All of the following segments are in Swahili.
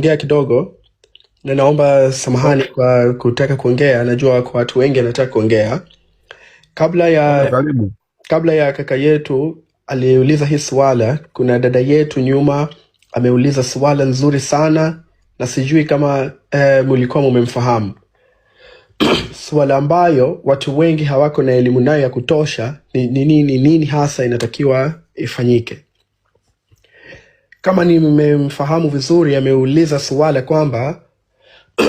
Ongea kidogo na naomba samahani kwa kutaka kuongea. Najua kwa watu wengi anataka kuongea kabla ya Karibu. kabla ya kaka yetu aliuliza hii swala. Kuna dada yetu nyuma ameuliza swala nzuri sana, na sijui kama eh, mlikuwa mumemfahamu swala ambayo watu wengi hawako na elimu nayo ya kutosha, ni nini ni, nini hasa inatakiwa ifanyike kama nimemfahamu vizuri, ameuliza suala kwamba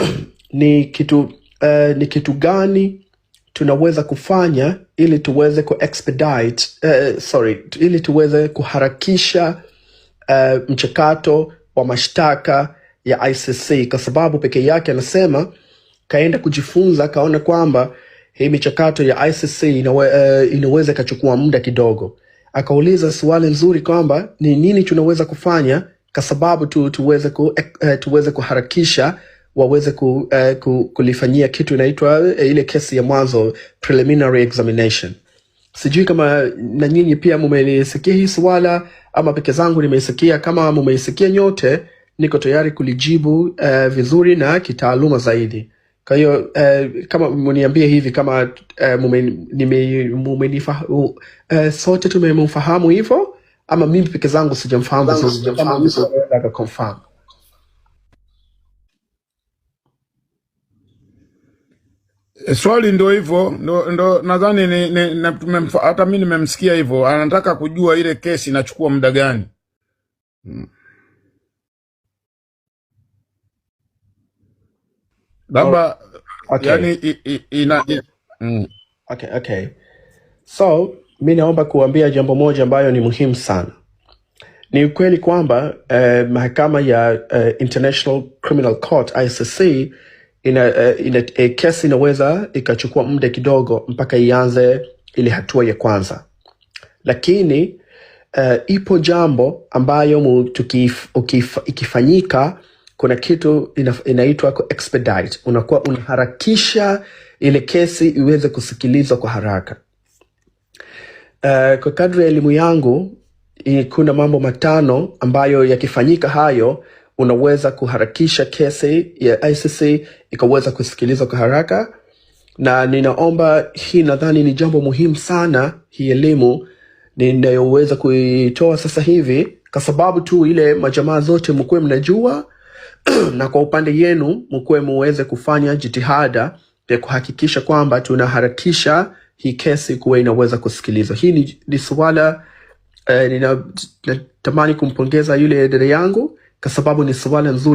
ni kitu uh, ni kitu gani tunaweza kufanya ili tuweze ku expedite uh, sorry, ili tuweze kuharakisha uh, mchakato wa mashtaka ya ICC kwa sababu pekee yake anasema kaenda kujifunza kaona kwamba hii michakato ya ICC inawe, uh, inaweza ikachukua muda kidogo akauliza swali nzuri kwamba ni nini tunaweza kufanya kwa sababu tu, tuweze, ku, eh, eh, tuweze kuharakisha waweze ku, eh, ku, kulifanyia kitu inaitwa eh, ile kesi ya mwanzo preliminary examination. Sijui kama na nyinyi pia mumelisikia hii swala ama peke zangu nimeisikia. Kama mumeisikia nyote, niko tayari kulijibu eh, vizuri na kitaaluma zaidi. Kwa hiyo eh, kama mniambie hivi kama eh, eh, sote tumemfahamu hivyo ama mimi peke zangu sijamfahamu, eh, Swali ndo hivyo ndo, ndo nadhani ni, ni, na, hata mi nimemsikia hivyo, anataka kujua ile kesi inachukua muda gani. Hmm. labda okay. Yani ina, i, mm. okay, okay. So mi naomba kuambia jambo moja ambayo ni muhimu sana. Ni ukweli kwamba eh, mahakama ya eh, International Criminal Court ICC ina, eh, ina, eh, kesi inaweza ikachukua muda kidogo mpaka ianze ile hatua ya kwanza, lakini eh, ipo jambo ambayo ukifanyika kuna kitu ina, inaitwa expedite. Unakuwa unaharakisha ile kesi iweze kusikilizwa kwa haraka. Uh, kwa kadri ya elimu yangu kuna mambo matano ambayo yakifanyika hayo unaweza kuharakisha kesi ya ICC ikaweza kusikilizwa kwa haraka, na ninaomba hii, nadhani ni jambo muhimu sana, hii elimu ninayoweza kuitoa sasa hivi, kwa sababu tu ile majamaa zote mkuwe mnajua na kwa upande yenu mkuwe muweze kufanya jitihada ya kuhakikisha kwamba tunaharakisha hii kesi kuwa inaweza kusikilizwa. Hii ni, ni suala eh, ninatamani kumpongeza yule dada yangu kwa sababu ni suala nzuri.